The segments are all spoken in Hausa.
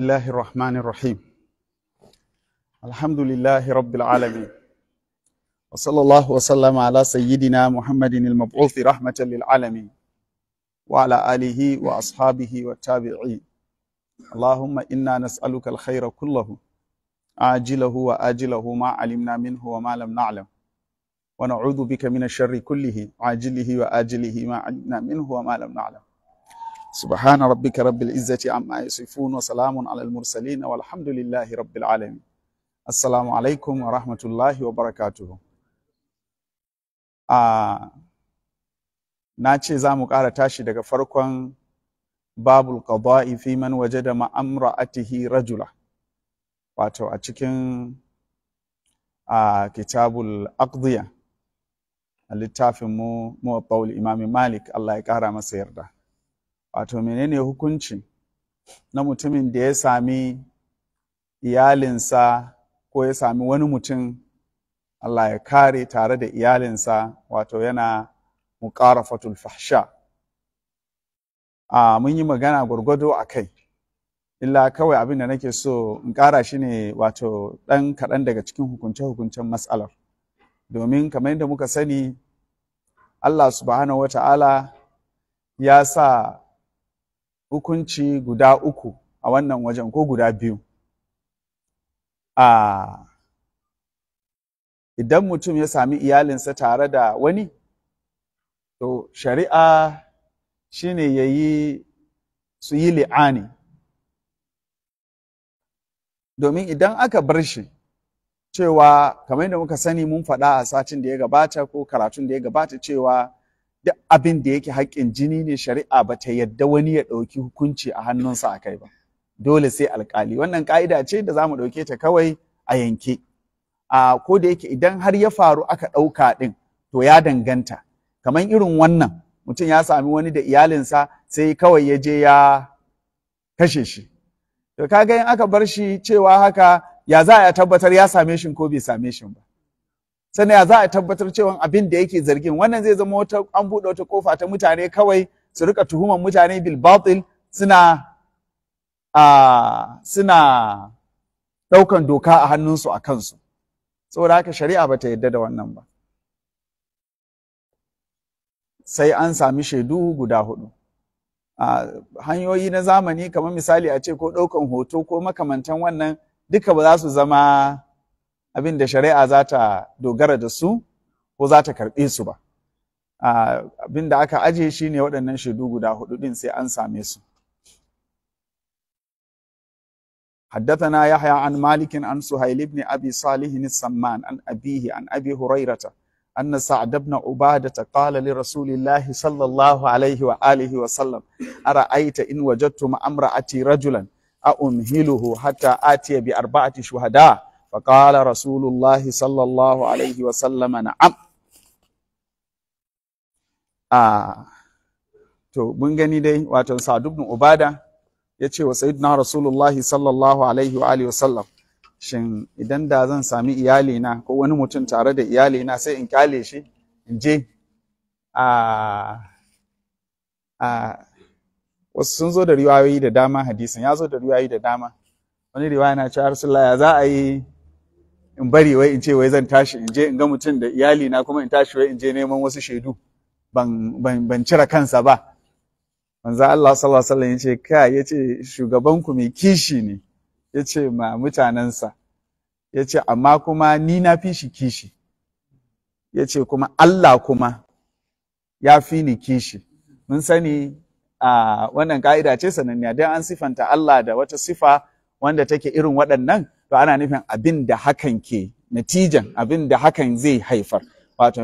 الله الرحمن الرحيم الحمد لله رب العالمين وصلى الله وسلم على سيدنا محمد المبعوث رحمة للعالمين وعلى آله وأصحابه والتابعين اللهم إنا نسألك الخير كله عاجله وآجله ما علمنا منه وما لم نعلم ونعوذ بك من الشر كله عاجله وآجله ما علمنا منه وما لم نعلم سبحان ربك رب العزة عما يصفون وسلام على المرسلين والحمد لله رب العالمين السلام عليكم ورحمة الله وبركاته na ce za mu ƙara tashi daga farkon babul qada'i fi man wajada ma'amra'atihi rajula wato a cikin a kitabul aqdiya a littafin mu muwaffa'ul imami malik Allah ya ƙara masa yarda wato menene hukunci na mutumin da ya sami iyalinsa ko ya sami wani mutum Allah ya kare tare da iyalinsa wato yana fatul fahsha a mun yi magana gwargwado a kai illa kawai abin da nake so in ƙara shi ne wato ɗan kaɗan daga cikin hukunce-hukuncen matsalar domin kamar yadda muka sani Allah subhanahu wa ta'ala ya sa hukunci guda uku a wannan wajen ko guda biyu a idan mutum ya sami iyalinsa tare da wani to shari'a shine ya yi su yi li'ani domin idan aka bar shi cewa kamar yadda muka sani mun faɗa a satin da ya gabata ko karatun da ya gabata cewa duk abin da yake haƙƙin jini ne shari'a ba ta yadda wani ya ɗauki hukunci a hannunsa a kai ba dole sai alƙali wannan ƙa'ida ce da za mu ɗauke ta kawai a yanke a ko da yake idan har ya faru aka ɗauka ɗin to ya danganta kamar irin wannan mutum ya sami wani da iyalinsa sai kawai ya je ya kashe shi to ga in aka bar shi cewa haka ya za a tabbatar ya same shi ko bai same shi ba sannan ya za a tabbatar cewa abin da yake zargin wannan zai zama wata an buɗe wata kofa ta mutane kawai su rika tuhuman mutane bil batil suna ɗaukan doka a hannunsu a kansu saboda haka shari'a ba ta yadda da wannan ba sai an sami shaidu guda hudu a hanyoyi na zamani kamar misali a ce ko ɗaukan hoto ko makamantan wannan duka ba za su zama abin da shari'a za ta dogara da su ko za ta karbe su ba. Abin da aka ajiye shi ne waɗannan shaidu guda huɗu, ɗin sai an same su. Haddata na ya haya an malikin an su haili ne abi salihi ni an abihi an abi hurairata. An na sa adab na uba ta kwalali rasulun sallallahu alaihi wa alihi wa sallam. A ra'aita in wajattu ma'amra a ti rajulan a umhiluhu hatta a ti arba'a ti shuhada. فقال رسول الله صلى الله عليه وسلم نعم آه to mun gani dai wato Sa'd ibn Ubada yace wa sayyidina Rasulullahi sallallahu alaihi wa alihi shin idan da zan sami iyalina ko wani mutum tare da iyalina sai in kyale shi in je a a wasu sun zo da riwayoyi da dama hadisin ya zo da riwayoyi da dama wani riwaya na cewa Rasulullah ya za a yi in bari wai in ce wai zan tashi in je in ga mutum da iyali na kuma in tashi wai in je neman wasu shaidu ban cire kansa ba manzo Allah sallallahu alaihi wasallam yace ka yace shugaban ku mai kishi ne yace ma mutanansa yace amma kuma ni na fi shi kishi yace kuma Allah kuma ya fi ni kishi mun sani a wannan ka'ida ce sananniya dan an sifanta Allah da wata sifa wanda take irin waɗannan to ana nufin abin da hakan ke natijan abin da hakan zai haifar wato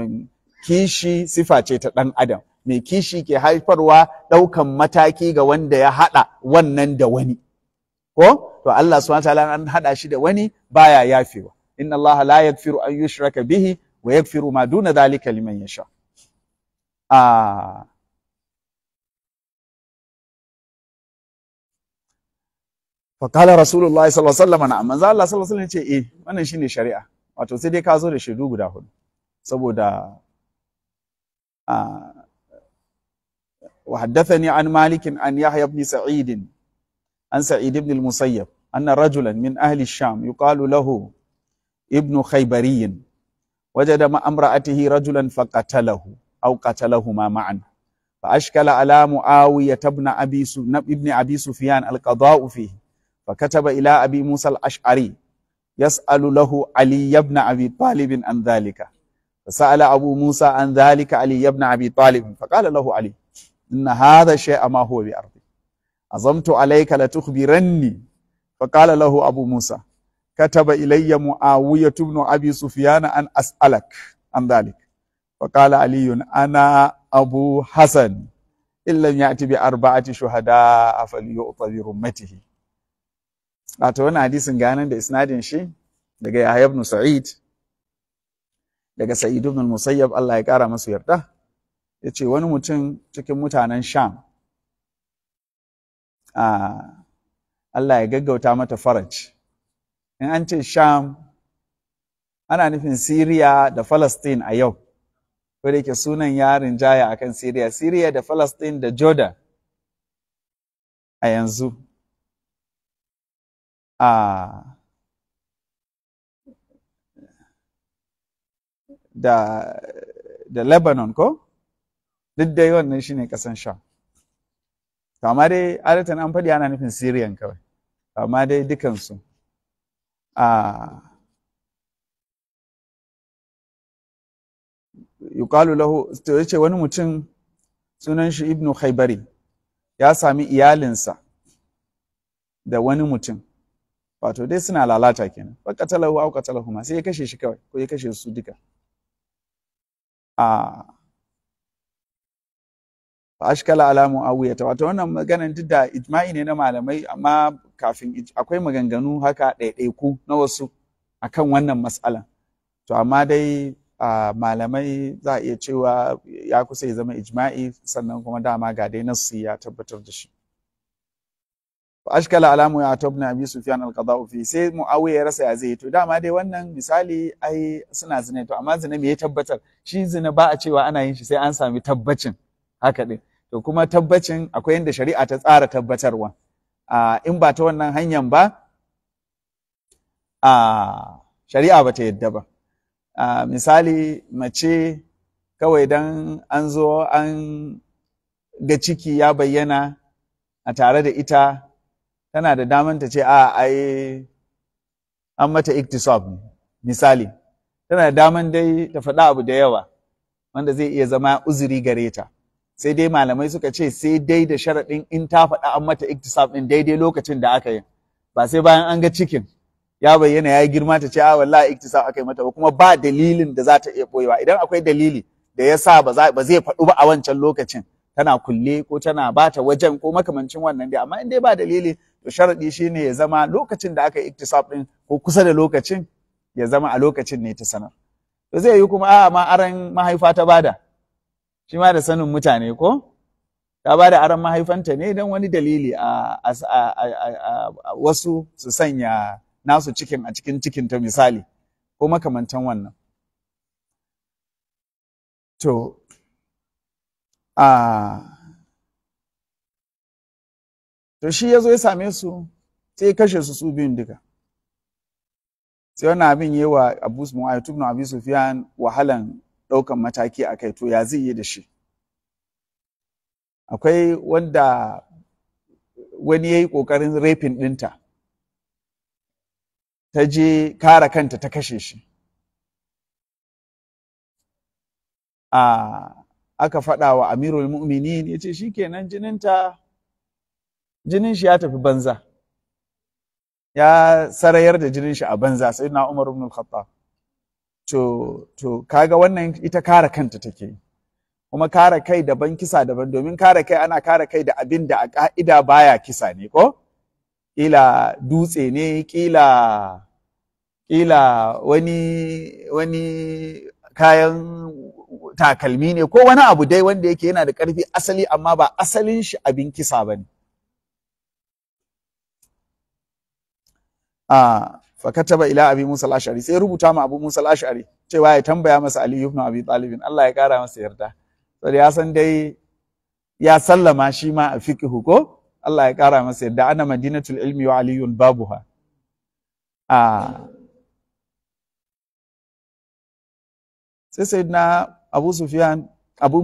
kishi sifa ce ta ɗan adam mai kishi ke haifarwa ɗaukan mataki ga wanda ya haɗa wannan da wani ko to Allah subhanahu wataala an haɗa shi da wani baya yafewa inna Allah la yaghfiru an yushraka bihi wa yaghfiru ma duna dhalika liman yasha ah فقال رسول الله صلى الله عليه وسلم Allah نعم. sallallahu الله صلى الله عليه وسلم shine shari'a wato sai dai ka zo da shaidu guda hudu saboda a وحدثني عن مالك أن يحيى بن سعيد أن سعيد بن المسيب أن رجلا من أهل الشام يقال له ابن خيبري وجد مع امرأته رجلا فقتله أو قتلهما معا فأشكل على معاوية ابن أبي سفيان القضاء فيه فكتب إلى أبي موسى الأشعري يسأل له علي بن أبي طالب عن ذلك فسأل أبو موسى عن ذلك علي بن أبي طالب فقال له علي إن هذا شيء ما هو بأرضي عظمت عليك لتخبرني فقال له أبو موسى كتب إلي معاوية بن أبي سفيان أن أسألك عن ذلك فقال علي أنا أبو حسن إن لم يأتي بأربعة شهداء فليؤطى برمته wato wannan hadisin ganin da isnadin shi daga Yahya ibn Sa'id daga Sa'id ibn Musayyab Allah ya kara masa yarda yace wani mutum cikin mutanen Sham a Allah ya gaggauta mata faraj in an ce Sham ana nufin Siriya da Palestine a yau ko yake sunan yarin jaya akan Siriya Siriya da Palestine da Jordan a yanzu a da da Lebanon ko duk dai wannan shine kasan Sham to amma dai adatan an faɗi ana nufin Syrian kawai amma dai dukansu a yuqalu lahu to yace wani mutum sunan shi Ibn Khaybari ya sami iyalinsa da wani mutum wato dai suna lalata kenan fa qatalahu aw qatalahuma sai ya kashe shi kawai ko ya kashe su duka a fa ashkala ala ta wato wannan maganan duk da ijma'i ne na malamai amma kafin akwai maganganu haka ɗaiɗaiku na wasu akan wannan mas'alan to amma dai malamai za a iya cewa ya kusa ya zama ijma'i sannan kuma dama ga dai nasu ya tabbatar da shi fa ashkala alamu ya atobna abi sufyan alqada'u fi sai muawiya ya rasa ya zai to dama dai wannan misali ai suna zina to amma zina me ya tabbatar shi zina ba a cewa ana yin shi sai an sami tabbacin haka din to kuma tabbacin akwai yadda shari'a ta tsara tabbatarwa in ba ta wannan hanyar ba a shari'a ba ta yadda ba misali mace kawai dan an zo an ga ciki ya bayyana a tare da ita tana da daman ta ce a ai an mata iktisab misali tana da daman dai ta faɗa abu da yawa wanda zai iya zama uzuri gare ta sai dai malamai suka ce sai dai da sharaɗin in ta faɗa an mata iktisab ɗin daidai lokacin da aka yi ba sai bayan an ga cikin ya bayyana ya yi girma ta ce a wallahi iktisab aka yi mata ba kuma ba dalilin da za ta iya boyewa idan akwai dalili da ya sa ba zai faɗu ba a wancan lokacin tana kulle ko tana bata wajen ko makamancin wannan dai amma in dai ba dalili to sharadi shine ya zama lokacin da aka yi iktisab din ko kusa da lokacin ya zama a lokacin ne ta sanar to zai yi kuma a ma aran mahaifa ta bada shi ma da sanin mutane ko ta bada aran mahaifanta ne don wani dalili a wasu su sanya nasu cikin a cikin cikin ta misali ko makamantan wannan to a to shi ya zo ya same su sai ya kashe su su biyun duka sai wani abin yi wa abu mu'ayyut ibn abi sufiyan wahalan ɗaukan mataki a kai to ya zai yi da shi akwai wanda wani ya yi ƙoƙarin rafin ɗinta ta je kara kanta ta kashe shi a ah, aka faɗa wa amirul mu'minin ya ce shi kenan jininta jinin shi ya tafi banza ya sarayar da jinin shi a banza sai na Umar ibn al to kaga wannan ita kare kanta take kuma kare kai daban kisa daban domin kare kai ana kare kai da abin da a ka'ida baya kisa ne ko Ila dutse ne ƙila ila wani wani kayan takalmi ne ko wani abu dai wanda yake yana da karfi asali amma ba asalin shi abin kisa bane a fakataba ila abi musa al-ash'ari sai rubuta ma abu musa al-ash'ari cewa ya tambaya masa ali ibn abi talib Allah ya kara masa yarda saboda ya san dai ya sallama shi ma a fiqh ko Allah ya kara masa yarda ana madinatul ilmi wa aliyun babuha a sai sayyidina abu sufyan abu